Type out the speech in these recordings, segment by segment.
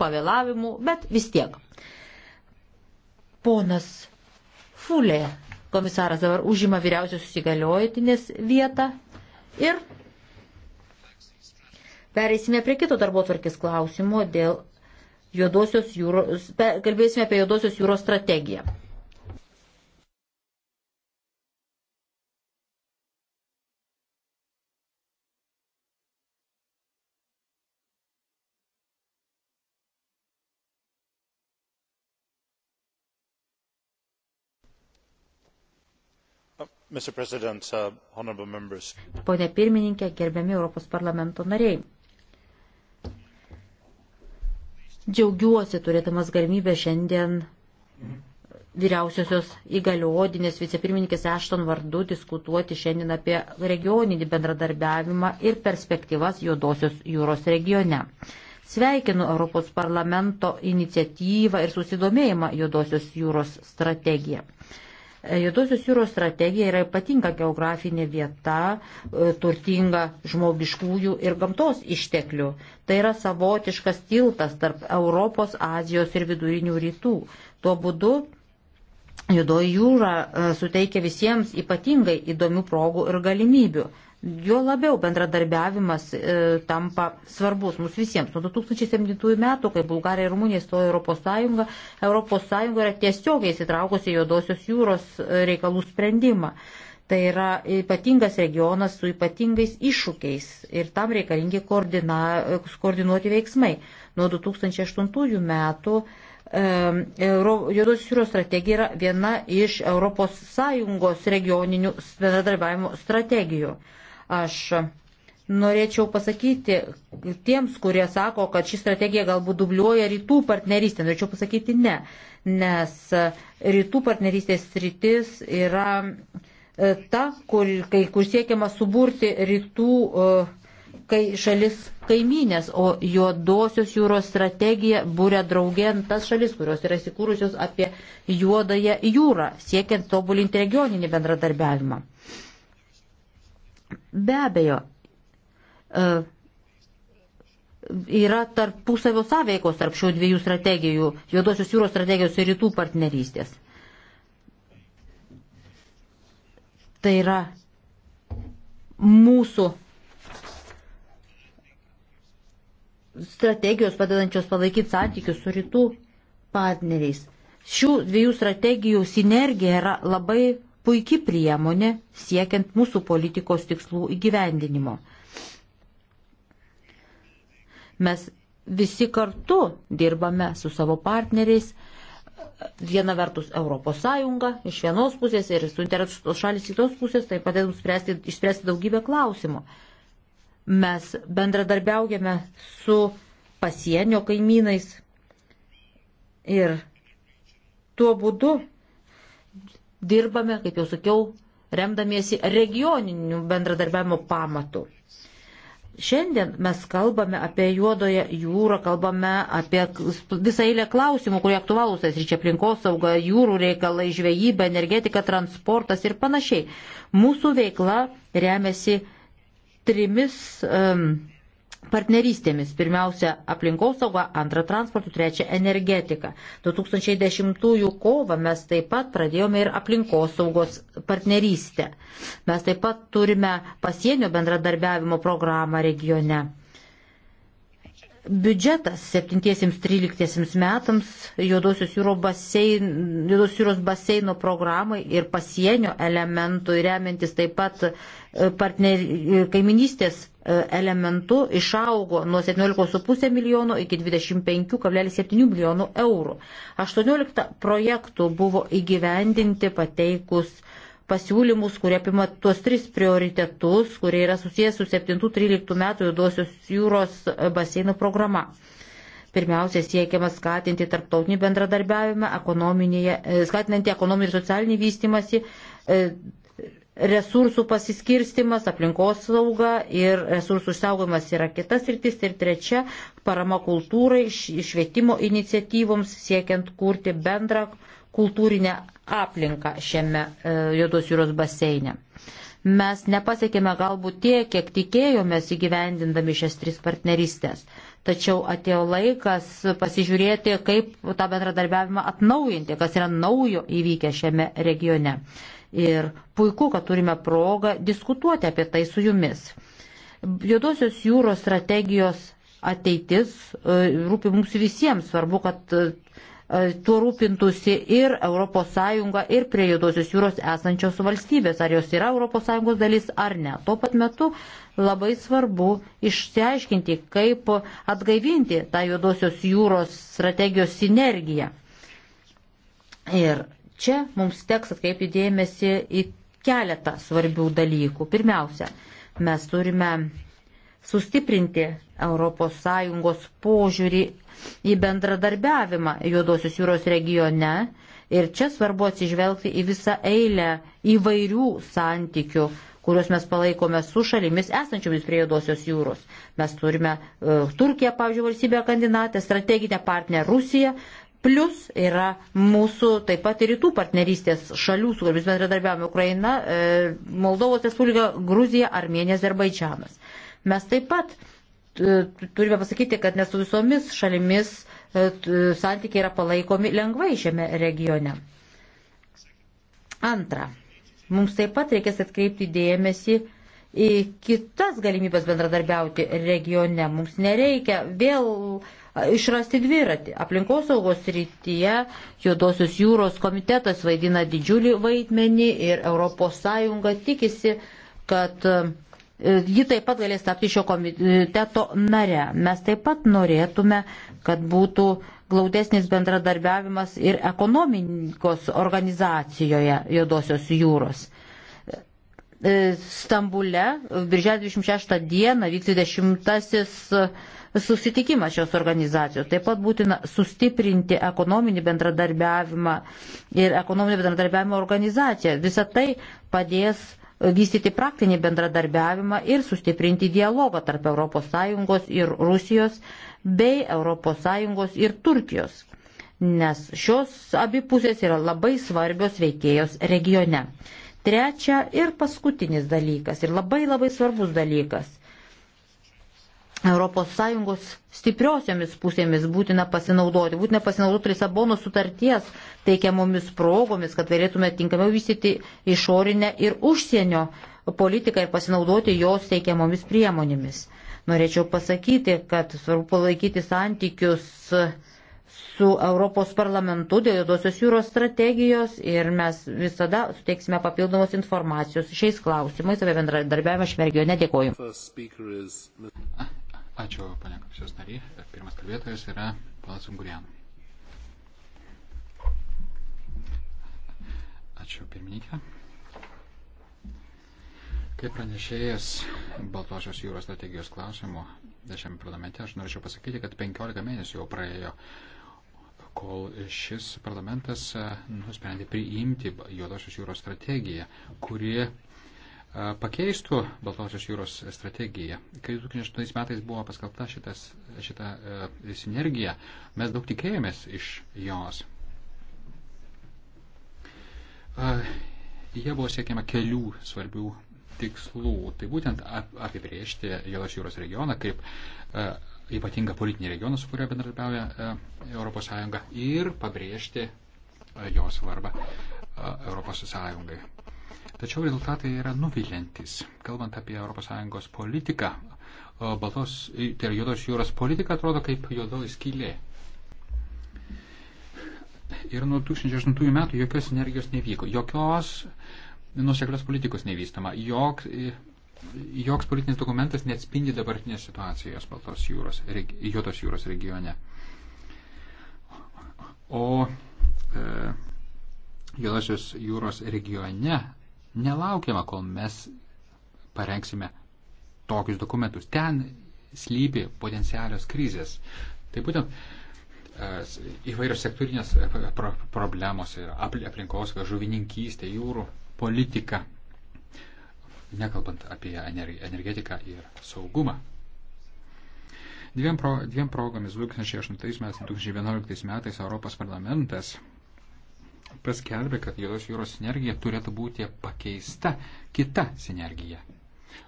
pavėlavimų, bet vis tiek. Ponas Fulė, komisaras dabar užima vyriausios įgaliojotinės vietą ir pereisime prie kito darbo tvarkės klausimo dėl juodosios jūros, kalbėsime apie juodosios jūros strategiją. Uh, Pone pirmininkė, gerbiami Europos parlamento nariai. Džiaugiuosi turėdamas galimybę šiandien vyriausiosios įgaliotinės vicepirmininkės Ešton vardu diskutuoti šiandien apie regioninį bendradarbiavimą ir perspektyvas Juodosios jūros regione. Sveikinu Europos parlamento iniciatyvą ir susidomėjimą Juodosios jūros strategiją. E, Juodosios jūros strategija yra ypatinga geografinė vieta, e, turtinga žmogiškųjų ir gamtos išteklių. Tai yra savotiškas tiltas tarp Europos, Azijos ir vidurinių rytų. Tuo būdu Judoji jūra e, suteikia visiems ypatingai įdomių progų ir galimybių juo labiau bendradarbiavimas e, tampa svarbus mums visiems. Nuo 2007 metų, kai Bulgarija ir Rumunija įstojo Europos Sąjungą, Europos Sąjunga yra tiesiogiai įsitraukusi Juodosios jūros e, reikalų sprendimą. Tai yra ypatingas regionas su ypatingais iššūkiais ir tam reikalingi koordina, koordinuoti veiksmai. Nuo 2008 metų e, Juodosios jūros strategija yra viena iš ES regioninių bendradarbiavimo strategijų. Aš norėčiau pasakyti tiems, kurie sako, kad ši strategija galbūt dubliuoja rytų partnerystę, norėčiau pasakyti ne, nes rytų partnerystės sritis yra e, ta, kur, kai, kur siekiama suburti rytų e, kai, šalis kaimynės, o juodosios jūros strategija būrė draugien tas šalis, kurios yra įsikūrusios apie juodąją jūrą, siekiant tobulinti regioninį bendradarbiavimą. Be abejo, e, yra tarpusavio sąveikos tarp šių dviejų strategijų - Juodosios jūros strategijos ir rytų partnerystės. Tai yra mūsų strategijos padedančios palaikyti santykius su rytų partneriais. Šių dviejų strategijų sinergija yra labai puikia priemonė siekiant mūsų politikos tikslų įgyvendinimo. Mes visi kartu dirbame su savo partneriais, viena vertus Europos Sąjunga iš vienos pusės ir suinteresuotos šalis iš kitos pusės, tai padeda mums spręsti, išspręsti daugybę klausimų. Mes bendradarbiaujame su pasienio kaimynais ir tuo būdu dirbame, kaip jau sakiau, remdamiesi regioninių bendradarbiavimo pamatų. Šiandien mes kalbame apie juodoją jūrą, kalbame apie visą eilę klausimų, kurie aktualūs, tai čia aplinkosauga, jūrų reikalai, žvejyba, energetika, transportas ir panašiai. Mūsų veikla remiasi trimis um, partnerystėmis. Pirmiausia, aplinkosauga, antra transportų, trečia energetika. 2010 kovą mes taip pat pradėjome ir aplinkosaugos partnerystę. Mes taip pat turime pasienio bendradarbiavimo programą regione. Biudžetas 7-13 metams Juodosios jūros, basein, Juodosios jūros baseino programai ir pasienio elementui remiantis taip pat e, partner, e, kaiminystės E, elementu išaugo nuo 17,5 milijono iki 25,7 milijonų eurų. 18 projektų buvo įgyvendinti pateikus pasiūlymus, kurie apima tuos tris prioritetus, kurie yra susijęs su 7-13 metų juodosios jūros baseino programa. Pirmiausia, siekiama skatinti tarptautinį bendradarbiavimą, e, skatinantį ekonominį ir socialinį vystimąsi, e, resursų pasiskirstimas, aplinkos sauga ir resursų išsaugojimas yra kitas rytis. Ir trečia, parama kultūrai, švietimo iniciatyvoms siekiant kurti bendrą kultūrinę aplinką šiame e, Jodos jūros baseine. Mes nepasiekėme galbūt tiek, kiek tikėjomės įgyvendindami šias tris partnerystės. Tačiau atėjo laikas pasižiūrėti, kaip tą bendradarbiavimą atnaujinti, kas yra naujo įvykę šiame regione. Ir puiku, kad turime progą diskutuoti apie tai su jumis. Juodosios jūros strategijos ateitis e, rūpi mums visiems. Svarbu, kad e, e, tuo rūpintųsi ir ES, ir prie Juodosios jūros esančios valstybės, ar jos yra ES dalis ar ne. Tuo pat metu labai svarbu išsiaiškinti, kaip atgaivinti tą Juodosios jūros strategijos sinergiją. Ir Čia mums teks atkreipti dėmesį į keletą svarbių dalykų. Pirmiausia, mes turime sustiprinti ES požiūrį į bendradarbiavimą Juodosios jūros regione. Ir čia svarbu atsižvelgti į visą eilę įvairių santykių, kuriuos mes palaikome su šalimis esančiomis prie Juodosios jūros. Mes turime uh, Turkiją, pavyzdžiui, valstybę kandidatę, strateginę partnerę Rusiją, Plus yra mūsų taip pat ir rytų partnerystės šalių, su kuriomis bendradarbiavame Ukraina, e, Moldovos Respublika, Gruzija, Armėnija, Azerbaidžianas. Mes taip pat e, turime pasakyti, kad nes su visomis šalimis e, santykiai yra palaikomi lengvai šiame regione. Antra, mums taip pat reikės atkreipti dėmesį į kitas galimybės bendradarbiauti regione. Mums nereikia vėl išrasti dviratį. Aplinkosaugos rytyje Juodosios jūros komitetas vaidina didžiulį vaidmenį ir ES tikisi, kad e, ji taip pat galės tapti šio komiteto nare. Mes taip pat norėtume, kad būtų glaudesnis bendradarbiavimas ir ekonomikos organizacijoje Juodosios jūros. E, Stambule, birželio 26 dieną vyks 20 susitikimas šios organizacijos. Taip pat būtina sustiprinti ekonominį bendradarbiavimą ir ekonominio bendradarbiavimo organizaciją. Visą tai padės vystyti praktinį bendradarbiavimą ir sustiprinti dialogą tarp ES ir Rusijos bei ES ir Turkijos, nes šios abipusės yra labai svarbios veikėjos regione. Trečia ir paskutinis dalykas ir labai labai svarbus dalykas. ES stipriosiomis pusėmis būtina pasinaudoti, būtina pasinaudoti Lisabono sutarties teikiamomis progomis, kad galėtume tinkamiau vystyti išorinę ir užsienio politiką ir pasinaudoti jos teikiamomis priemonėmis. Norėčiau pasakyti, kad svarbu palaikyti santykius su Europos parlamentu dėl Jodosios jūros strategijos ir mes visada suteiksime papildomos informacijos šiais klausimais apie bendradarbiavimą šmergione. Dėkoju. Ačiū, panė komisijos nariai. Pirmas kalbėtojas yra panas Ungurian. Ačiū, pirmininkė. Kaip pranešėjas Baltosios jūros strategijos klausimų šiame parlamente, aš norėčiau pasakyti, kad 15 mėnesių jau praėjo, kol šis parlamentas nusprendė priimti Juodosios jūros strategiją, kuri pakeistų Baltosios jūros strategiją. Kai 2008 metais buvo paskelbta šitas, šita e, sinergija, mes daug tikėjomės iš jos. E, jie buvo siekiama kelių svarbių tikslų. Tai būtent apibriežti Jėlos jūros regioną kaip e, ypatingą politinį regioną, su kuriuo bendradarbiauja ES ir pabrėžti jo svarbą ES. Tačiau rezultatai yra nuviliantis. Kalbant apie ES politiką, baltos, tai yra juodos jūros politika atrodo kaip juodoji skylė. Ir nuo 2008 metų jokios energijos nevyko, jokios nuseklios politikos nevystama, jok, joks politinis dokumentas neatspindi dabartinės situacijos Baltos jūros, reg, Jotos jūros regione. O e, Jodosios jūros regione nelaukiama, kol mes parengsime tokius dokumentus. Ten slypi potencialios krizės. Tai būtent e, įvairios sektorinės e, problemos yra aplinkos, žuvininkystė, jūrų politika, nekalbant apie energetiką ir saugumą. Dviem, pro, dviem progomis 2008 metais 2011 metais Europos parlamentas paskelbė, kad Juodos jūros sinergija turėtų būti pakeista kita sinergija.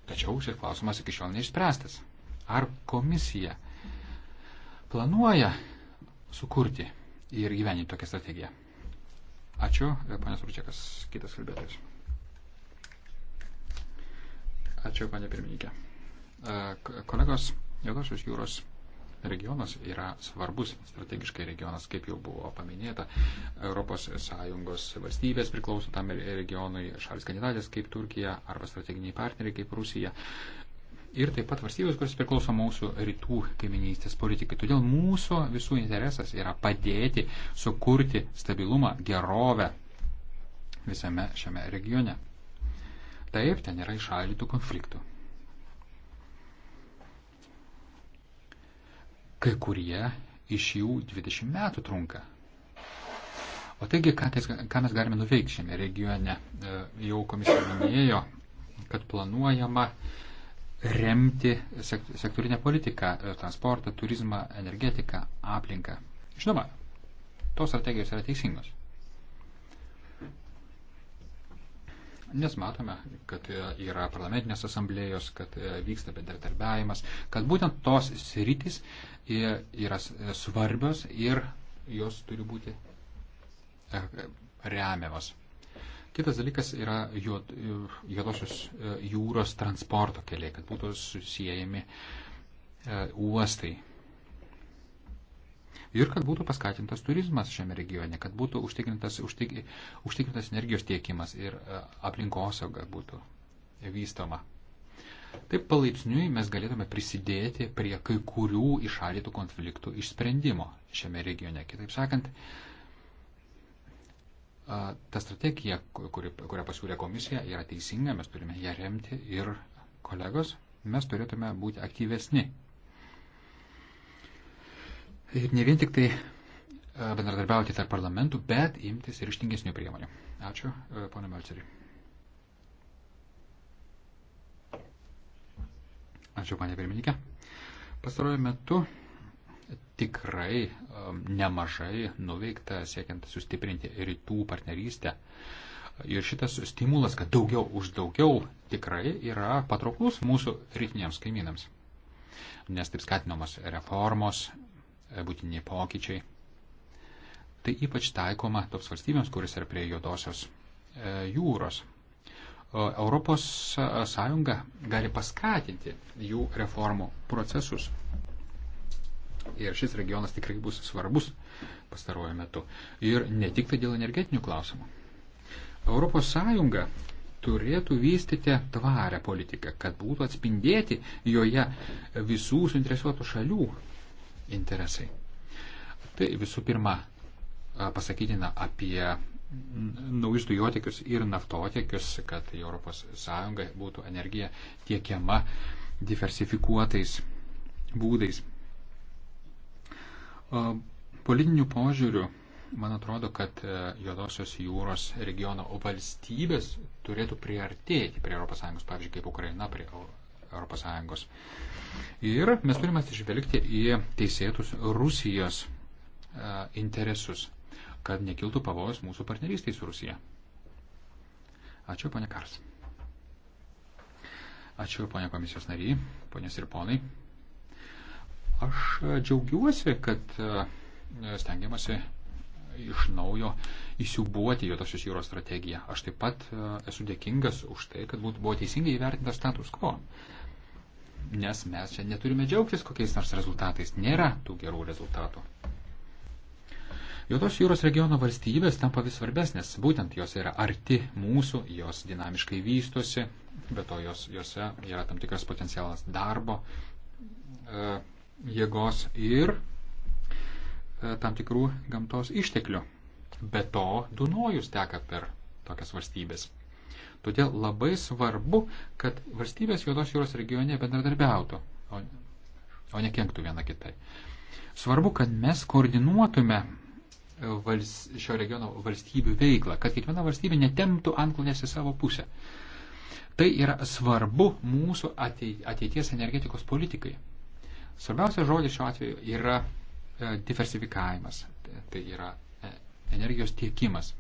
Tačiau šis klausimas iki šiol neišspręstas. Ar komisija planuoja sukurti ir gyveninti tokią strategiją? Ačiū, panas Ručiakas, kitas kalbėtojas. Ačiū, panė pirmininkė. Kolegos, Juodosios jūros regionas yra svarbus strategiškai regionas, kaip jau buvo paminėta. ES valstybės priklauso tam regionui, šalis kandidatės kaip Turkija arba strateginiai partneriai kaip Rusija. Ir taip pat valstybės, kuris priklauso mūsų rytų kaiminystės politikai. Todėl mūsų visų interesas yra padėti sukurti stabilumą, gerovę visame šiame regione. Taip, ten yra išaldytų konfliktų. Kai kurie iš jų 20 metų trunka. O taigi, ką, ties, ką mes galime nuveikti šiame regione? E, jau komisija minėjo, kad planuojama remti sektorinę politiką e, - transportą, turizmą, energetiką, aplinką. Žinoma, tos strategijos yra teisingos. Nes matome, kad e, yra parlamentinės asamblėjos, kad e, vyksta bendradarbiavimas, kad būtent tos sritis e, yra svarbios ir jos turi būti remiamas. Kitas dalykas yra juod, juodosios jūros transporto keliai, kad būtų susijęjami uostai ir kad būtų paskatintas turizmas šiame regione, kad būtų užtikrintas, užtik, užtikrintas energijos tiekimas ir e, aplinkosauga būtų vystoma. Taip palaipsniui mes galėtume prisidėti prie kai kurių išalytų konfliktų išsprendimo šiame regione. Kitaip sakant, ta strategija, kuri, kurią pasiūlė komisija, yra teisinga, mes turime ją remti ir kolegos, mes turėtume būti aktyvesni Ir ne vien tik tai e, bendradarbiauti tarp parlamentų, bet imtis ir ištingesnių priemonių. Ačiū, e, ponė Melceriui. Ačiū, panė pirmininkė. Pastaruoju metu tikrai e, nemažai nuveikta siekiant sustiprinti rytų partnerystę. Ir šitas stimulas, kad daugiau už daugiau, tikrai yra patrauklus mūsų rytiniams kaimynams. Nes taip skatinamos reformos, E, būtiniai pokyčiai. Tai ypač taikoma toms valstybėms, kuris yra prie juodosios e, jūros. Europos e, Sąjunga gali paskatinti jų reformų procesus. Ir šis regionas tikrai bus svarbus pastaruoju metu. Ir ne tik tai dėl energetinių klausimų. Europos Sąjunga turėtų vystyti tvarę politiką, kad būtų atspindėti joje visų suinteresuotų šalių interesai. Tai visų pirma pasakytina apie naujus dujotekius ir naftotiekius, kad ES būtų energija tiekiama diversifikuotais būdais. Politinių požiūrių, man atrodo, kad e, Juodosios jūros regiono valstybės turėtų priartėti prie ES, pavyzdžiui, kaip Ukraina prie ES. Ir mes turime atsižvelgti į teisėtus Rusijos e, interesus, kad nekiltų pavojus mūsų partnerystės su Rusija. Ačiū, ponė Kars. Ačiū, ponė komisijos nariai, ponės ir ponai. Aš e, džiaugiuosi, kad e, stengiamasi iš naujo įsiubuoti Jotosios jūros strategiją. Aš taip pat esu dėkingas už tai, kad buvo teisingai įvertintas status quo nes mes čia neturime džiaugtis kokiais nors rezultatais. Nėra tų gerų rezultatų. Juodos jūros regiono valstybės tampa vis svarbesnės, būtent jos yra arti mūsų, jos dinamiškai vystosi, be to jos, jose yra tam tikras potencialas darbo e, jėgos ir e, tam tikrų gamtos išteklių. Be to Dunojus teka per tokias valstybės. Todėl labai svarbu, kad valstybės Juodos jūros regione bendradarbiautų, o ne kenktų viena kitai. Svarbu, kad mes koordinuotume vals, šio regiono valstybių veiklą, kad kiekviena valstybė netemptų antklonės į savo pusę. Tai yra svarbu mūsų ateities energetikos politikai. Svarbiausia žodis šiuo atveju yra e, diversifikavimas, tai yra e, energijos tiekimas.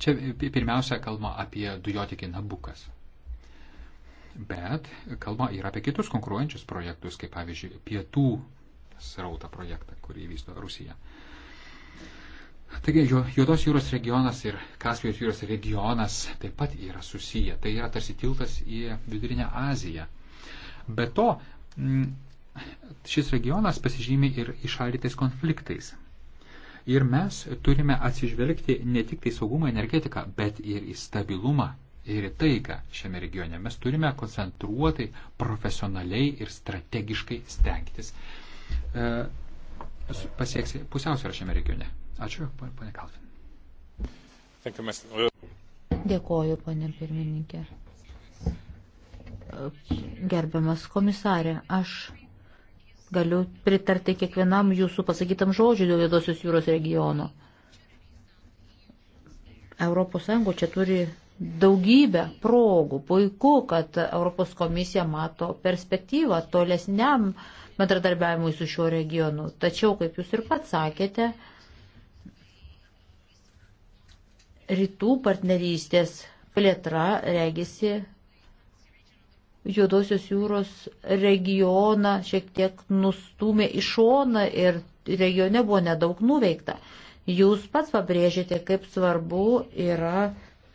Čia pirmiausia kalba apie dujotikį Nabukas. Bet kalba ir apie kitus konkuruojančius projektus, kaip pavyzdžiui, pietų srautą projektą, kurį vysto Rusija. Taigi, Juodos jūros regionas ir Kaspijos jūros regionas taip pat yra susiję. Tai yra tarsi tiltas į Vidurinę Aziją. Be to, šis regionas pasižymė ir išaldytais konfliktais. Ir mes turime atsižvelgti ne tik tai saugumą, energetiką, bet ir į stabilumą ir į taiką šiame regione. Mes turime koncentruotai, profesionaliai ir strategiškai stengtis e, pasieksi pusiausvyrą šiame regione. Ačiū, ponė Kalvin. Dėkoju, ponė pirmininkė. Gerbiamas komisarė, aš Galiu pritarti kiekvienam jūsų pasakytam žodžiui dėl Jėdosios jūros regiono. ES čia turi daugybę progų. Puiku, kad Europos komisija mato perspektyvą tolesniam bendradarbiavimui su šiuo regionu. Tačiau, kaip jūs ir pats sakėte, rytų partnerystės plėtra regisi Juodosios jūros regioną šiek tiek nustumė į šoną ir regione buvo nedaug nuveikta. Jūs pats pabrėžėte, kaip svarbu yra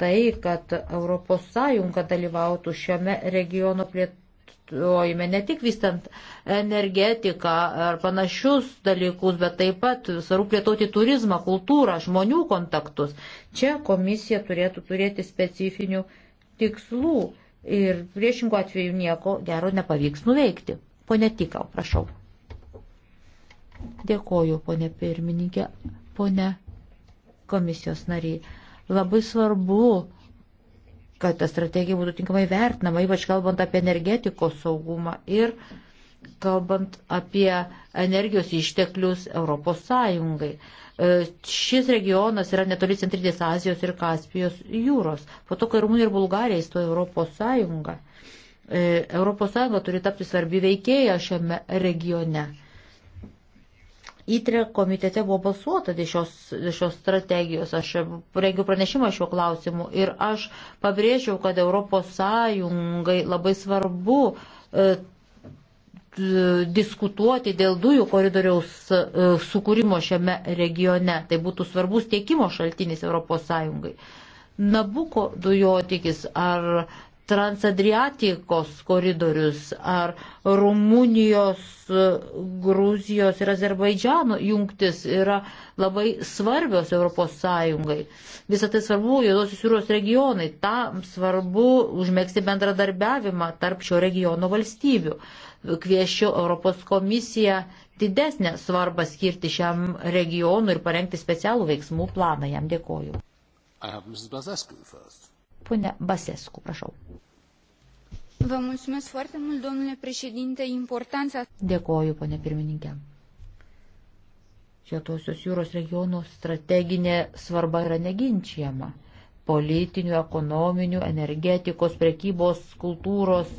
tai, kad ES dalyvautų šiame regiono plėtojime, ne tik vystant energetiką ar panašius dalykus, bet taip pat svarbu plėtoti turizmą, kultūrą, žmonių kontaktus. Čia komisija turėtų turėti specifinių tikslų ir priešingų atveju nieko gero nepavyks nuveikti. Pone Tikau, prašau. Dėkoju, ponė pirmininkė, ponė komisijos nariai. Labai svarbu, kad ta strategija būtų tinkamai vertinama, ypač kalbant apie energetikos saugumą ir kalbant apie energijos išteklius Europos Sąjungai. Uh, E, šis regionas yra netoli Centrinės Azijos ir Kaspijos jūros. Po to, kai Rumunija ir Bulgarija įstojo Europos Sąjungą, e, Europos Sąjunga turi tapti svarbi veikėja šiame regione. Įtrė komitete buvo balsuota dėl šios, dėl šios strategijos. Aš rengiu pranešimą šiuo klausimu ir aš pabrėžiau, kad Europos Sąjungai labai svarbu e, diskutuoti dėl dujų koridoriaus e, sukūrimo šiame regione. Tai būtų svarbus tiekimo šaltinis ES. Nabuko dujotikis ar Transadriatikos koridorius ar Rumunijos, e, Gruzijos ir Azerbaidžiano jungtis yra labai svarbios ES. Visą tai svarbu Jėdosios jūros regionai, tam svarbu užmėgsti bendradarbiavimą tarp šio regiono valstybių kviešiu Europos komisiją didesnę svarbą skirti šiam regionui ir parengti specialų veiksmų planą. Jam dėkoju. Pone Basescu, prašau. Vă mulțumesc foarte mult, domnule președinte, importanța... Dėkoju, pone pirmininkė. Šietosios jūros regionų strateginė svarba yra neginčiama. Politinių, ekonominių, energetikos, prekybos, kultūros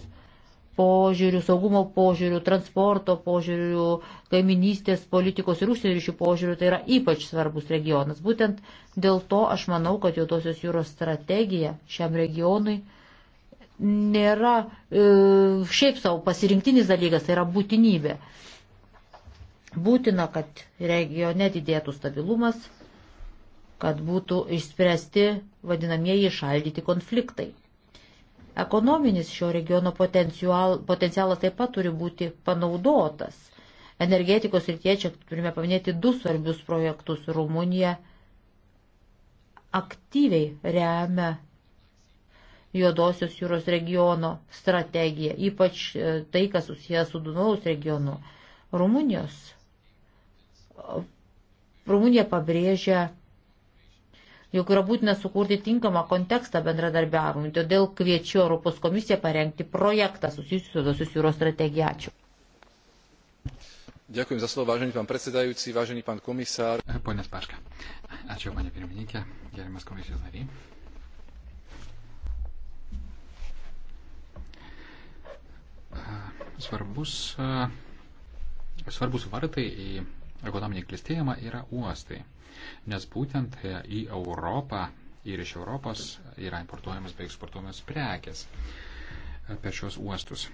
požiūrių, saugumo požiūrių, transporto požiūrių, kaiminystės politikos ir užsienio ryšių požiūrių, tai yra ypač svarbus regionas. Būtent dėl to aš manau, kad Jautosios jūros strategija šiam regionui nėra e, šiaip savo pasirinktinis dalykas, tai yra būtinybė. Būtina, kad regione didėtų stabilumas, kad būtų išspręsti vadinamieji išaldyti konfliktai. Ekonominis šio regiono potencialas taip pat turi būti panaudotas. Energetikos rytie čia turime paminėti du svarbius projektus. Rumunija aktyviai remia Juodosios jūros regiono strategiją, ypač e, tai, kas susijęs su Dunaus regionu. Rumunijos. Rumunija pabrėžia juk yra būtina sukurti tinkamą kontekstą bendradarbiavimui. Todėl kviečiu Europos komisiją parengti projektą susijusiu su Dosius jūros strategija. Ačiū. Ďakujem za slovo, vážený pán predsedajúci, vážený pán komisár. Poďme spáška. Ačiū, pane pirmininkė, gerimas komisijos nariai. Svarbus, svarbus vartai į ekonominį klistėjimą yra uostai nes būtent į Europą ir iš Europos yra importuojamas bei eksportuojamas prekes per šios uostus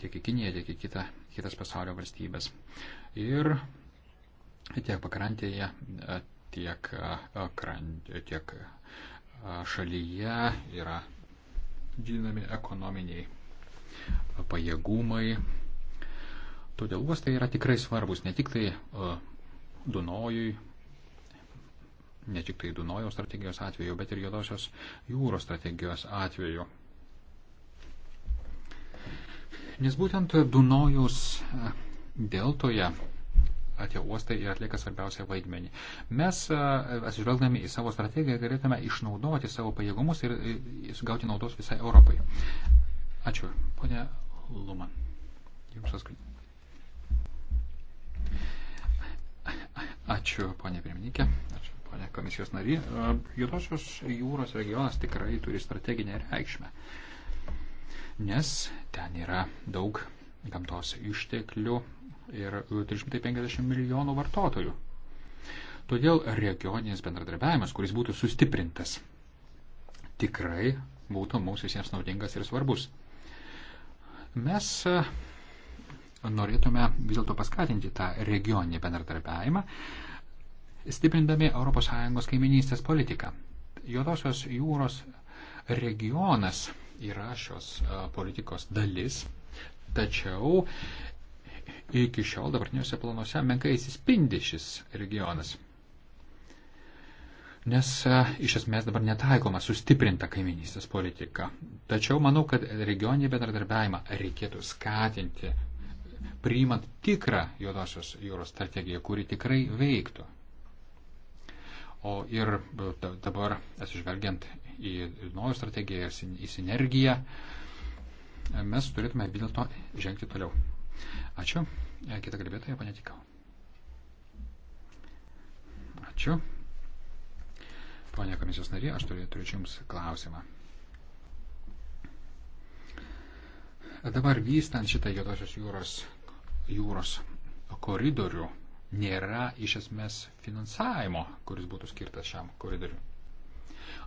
tiek į Kiniją, tiek į kitą, kitas pasaulio valstybės. Ir tiek pakrantėje, tiek, krant, tiek šalyje yra didinami ekonominiai pajėgumai. Todėl uostai yra tikrai svarbus ne tik tai Dunojui, ne tik tai Dunojaus strategijos atveju, bet ir Jodosios jūros strategijos atveju. Nes būtent Dunojaus e, deltoje tie uostai ir atlieka svarbiausią vaidmenį. Mes, e, atsižvelgdami į savo strategiją, galėtume išnaudoti savo pajėgumus ir e, gauti naudos visai Europai. Ačiū. Pone Luman. Jums paskui. Ačiū, ponė pirmininkė. Ačiū ponė komisijos nary, e, Judosios jūros regionas tikrai turi strateginę reikšmę, nes ten yra daug gamtos išteklių ir 350 milijonų vartotojų. Todėl regioninis bendradarbiavimas, kuris būtų sustiprintas, tikrai būtų mums visiems naudingas ir svarbus. Mes e, norėtume vis dėlto paskatinti tą regioninį bendradarbiavimą, stiprindami ES kaiminystės politiką. Juodosios jūros regionas yra šios politikos dalis, tačiau iki šiol dabartiniuose planuose menkai įsispindi šis regionas. Nes iš esmės dabar netaikoma sustiprinta kaiminystės politika. Tačiau manau, kad regioninį bendradarbiavimą reikėtų skatinti, priimant tikrą Juodosios jūros strategiją, kuri tikrai veiktų. O ir dabar, atsižvelgiant į naują strategiją ir į sinergiją, mes turėtume vis dėlto žengti toliau. Ačiū. Kita kalbėtoja, panė Tikau. Ačiū. Pone komisijos narė, aš turiu, turiu Jums klausimą. Dabar vystant šitą Jodosios jūros, jūros koridorių nėra iš esmės finansavimo, kuris būtų skirtas šiam koridoriui.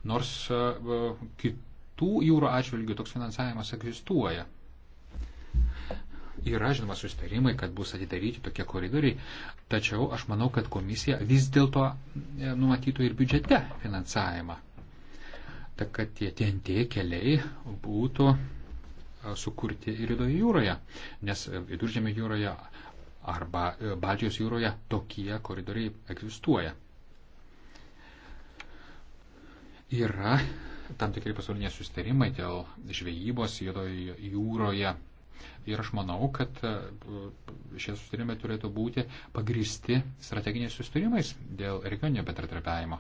Nors e, e, kitų jūrų atžvilgių toks finansavimas egzistuoja. Yra žinoma susitarimai, kad bus atidaryti tokie koridoriai, tačiau aš manau, kad komisija vis dėlto e, numatytų ir biudžete finansavimą. Ta, kad tie TNT keliai būtų sukurti ir Rydoje jūroje, nes Viduržėmio jūroje arba e, Baltijos jūroje tokie koridoriai egzistuoja. Yra tam tikrai pasauliniai sustarimai dėl žvejybos juodoje jūroje. Ir aš manau, kad e, šie sustarimai turėtų būti pagristi strateginiais sustarimais dėl regioninio bendradarbiavimo.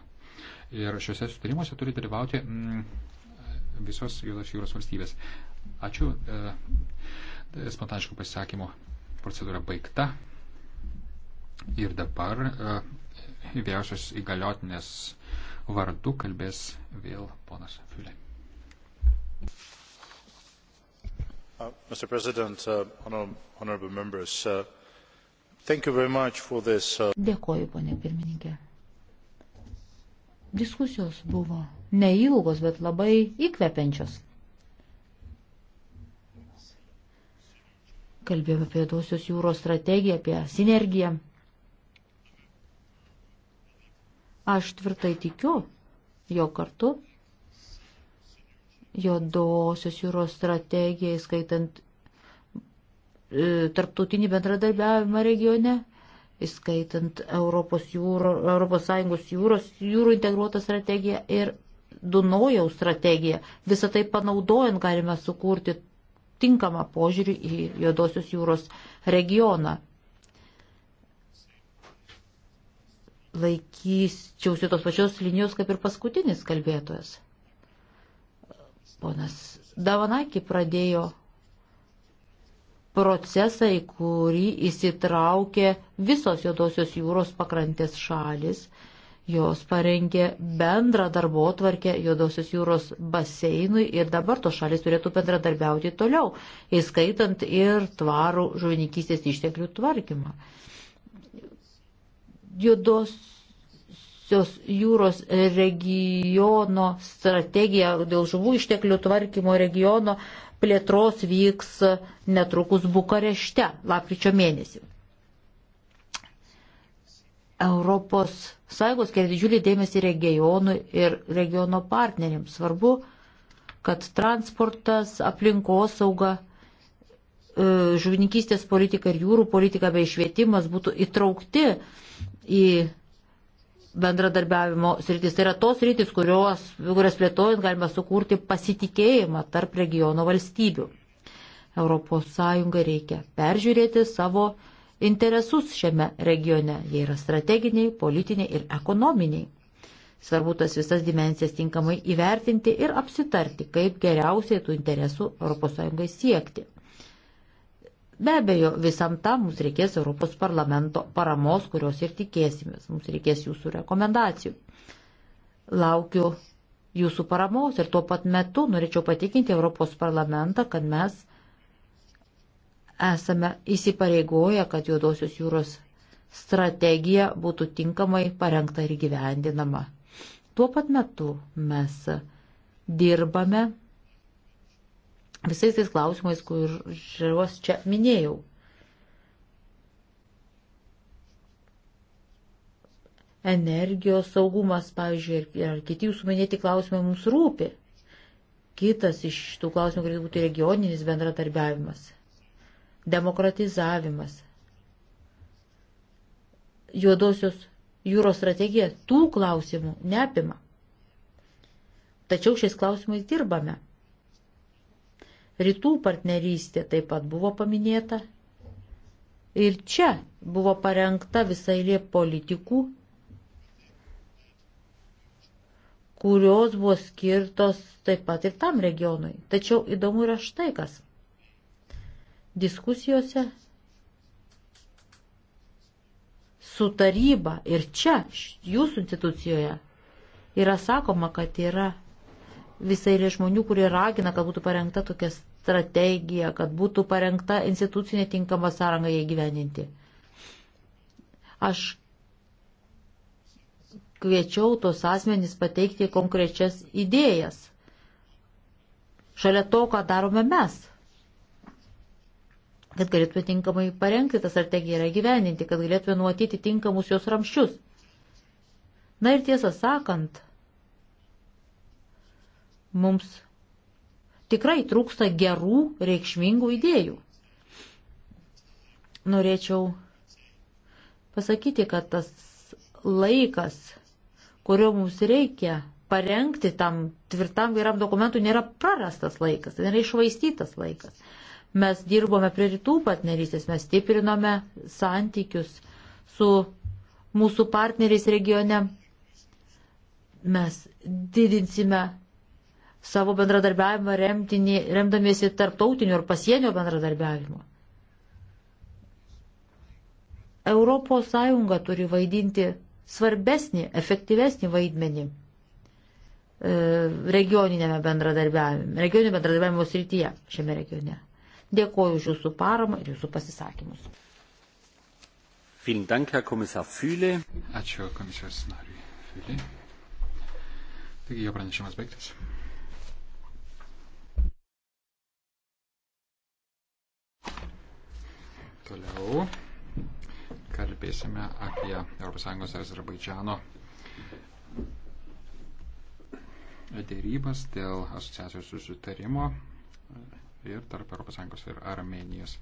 Ir šiuose sustarimuose turi dalyvauti mm, visos Juodos jūros valstybės. Ačiū e, spontaniškų pasisakymų procedūra baigta. Ir dabar e, vyriausios įgaliotinės vardu kalbės vėl ponas Fiulė. Uh, Mr. President, uh, honor, honorable members, uh, thank you very much for this. Uh... Dėkoju, ponė pirmininkė. Diskusijos buvo neilgos, bet labai įkvepiančios. kalbėjome apie Dosios jūros strategiją, apie sinergiją. Aš tvirtai tikiu, jo kartu, jo Dosios jūros strategija, įskaitant e, tarptautinį bendradarbiavimą regione, įskaitant Europos, jūro, Europos Sąjungos jūros, jūrų integruotą strategiją ir Dunojaus strategiją. Visą tai panaudojant galime sukurti tinkamą požiūrį į Juodosios jūros regioną. Laikyčiausi tos pačios linijos kaip ir paskutinis kalbėtojas. Ponas Davanaki pradėjo procesą, į kurį įsitraukė visos Juodosios jūros pakrantės šalis Jos parengė bendrą darbo tvarkę Juodosios jūros baseinui ir dabar tos šalis turėtų bendradarbiauti toliau, įskaitant ir tvarų žuvininkystės išteklių tvarkymą. Juodosios jūros regiono strategija dėl žuvų išteklių tvarkymo regiono plėtros vyks netrukus Bukarešte, lapkričio mėnesį. Europos Sąjungos kelia didžiulį dėmesį regionui ir regiono partneriams. Svarbu, kad transportas, aplinkos sauga, e, žuvininkystės politika ir jūrų politika bei švietimas būtų įtraukti į bendradarbiavimo sritis. Tai yra tos sritis, kurios, kurias plėtojant galima sukurti pasitikėjimą tarp regiono valstybių. ES reikia peržiūrėti savo interesus šiame regione. Jie yra strateginiai, politiniai ir ekonominiai. Svarbu tas visas dimensijas tinkamai įvertinti ir apsitarti, kaip geriausiai tų interesų ES siekti. Be abejo, visam tam mums reikės Europos parlamento paramos, kurios ir tikėsimės. Mums reikės jūsų rekomendacijų. Laukiu jūsų paramos ir tuo pat metu norėčiau patikinti Europos parlamentą, kad mes esame įsipareigoję, kad Juodosios jūros strategija būtų tinkamai parengta ir gyvendinama. Tuo pat metu mes dirbame visais tais klausimais, kuriuos čia minėjau. Energijos saugumas, pavyzdžiui, ir kiti jūsų minėti klausimai mums rūpi. Kitas iš tų klausimų galėtų būti regioninis bendradarbiavimas demokratizavimas, juodosios jūros strategija tų klausimų neapima. Tačiau šiais klausimais dirbame. Rytų partnerystė taip pat buvo paminėta. Ir čia buvo parengta visai lie politikų, kurios buvo skirtos taip pat ir tam regionui. Tačiau įdomu yra štai kas – diskusijose su taryba ir čia, jūsų institucijoje, yra sakoma, kad yra visai lė žmonių, kurie ragina, kad būtų parengta tokia strategija, kad būtų parengta institucinė tinkama sąranga jai gyveninti. Aš kviečiau tos asmenys pateikti konkrečias idėjas. Šalia to, ką darome mes kad galėtume tinkamai parengti tą strategiją ir gyveninti, kad galėtume numatyti tinkamus jos ramščius. Na ir tiesą sakant, mums tikrai trūksta gerų, reikšmingų idėjų. Norėčiau pasakyti, kad tas laikas, kurio mums reikia parengti tam tvirtam geram dokumentui, nėra prarastas laikas, tai nėra išvaistytas laikas. Mes dirbome prie rytų partnerystės, mes stiprinome santykius su mūsų partneriais regione. Mes didinsime savo bendradarbiavimą remtini, remdamiesi tarptautiniu ir pasienio bendradarbiavimu. Europos Sąjunga turi vaidinti svarbesnį, efektyvesnį vaidmenį e, regioninėme bendradarbiavime, regioninio bendradarbiavimo srityje šiame regione. Dėkoju už jūsų paramą ir jūsų pasisakymus. Dank, Ačiū komisijos nariui Filiui. Taigi jo pranešimas baigtas. Toliau kalbėsime apie ES ir Azerbaidžiano dėrybas dėl asociacijos susitarimo ir tarp ES ir Armenijos.